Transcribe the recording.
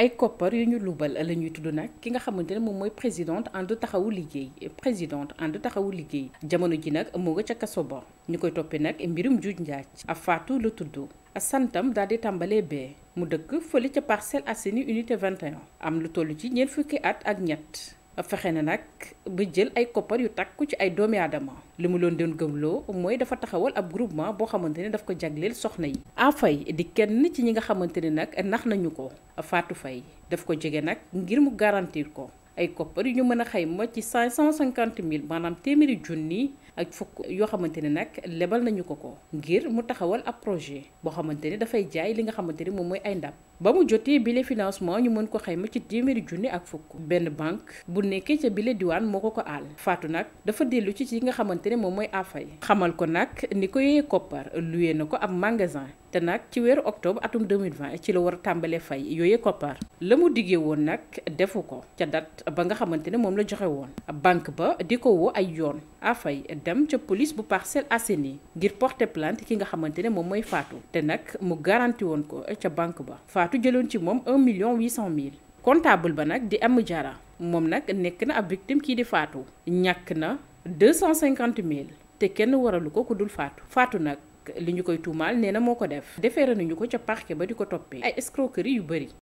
ay koppar yu ñu luubal la ñuy tudd nag ki nga xamante ne moom mooy présidente ànd taxawu liggéey présidente ànd taxawu liggéey jamono ji nag moo nga ca kaso ba ñu koy toppee nag mbirum juuj njaaj a faatu la tudd santam daal di tàmbalee bee mu dëkk fële ca Parcelles Assainies unité 21 am lu tollu ci ñeent fukki at ak ñett fexe na nag ba jël ay koppar yu takku ci ay doomi aadama li mu loon doon gëmloo mooy dafa taxawal ab groupement boo xamante ne daf ko jagleel soxna yi. fay di kenn ci ñi nga xamante ne nag nax nañu ko Fatou fay daf ko jege nag ngir mu garantir ko ay koppar yu ñu mën a xayma ci cinq cent cinquante mille maanaam téeméeri junni. ak fukk yoo xamante ne nag lebal nañu ko ko ngir mu taxawal ab projet boo xamante ne dafay jaay li nga xamante ne moom mooy ay ndab ba mu jotee bile financement ñu mën ko ma ci téeméeri junni ak fukk benn banque bu nekkee ca bile diwaan moo ko ko aal faatu nag dafa dellu ci ci nga xamante ne moom mooy afay xamal ko nag ni ko yee koppar luwee na ko ab magasin te nag ci weeru octobre atum 2020 ci la war a tàmbalee fay yooyee koppar la mu diggee woon nag defu ko ca dat ba nga xamante ne moom la joxe woon banque ba di ko ay yoon itam ca police bu Parcelles Assainies ngir porter plainte ki nga xamante ne moom mooy Fatou te nag mu garanti woon ko ca banque ba Fatou jëloon ci moom un million 800 mille comptable ba nag di am jara moom nag nekk na ab victime kii di Fatou ñàkk na 250 mille te kenn waralu ko ku dul faatu Fatou nag li ñu koy tuumaal nee na moo ko def defeere nañu ko ca parquet ba di ko toppee ay escroquerie yu bëri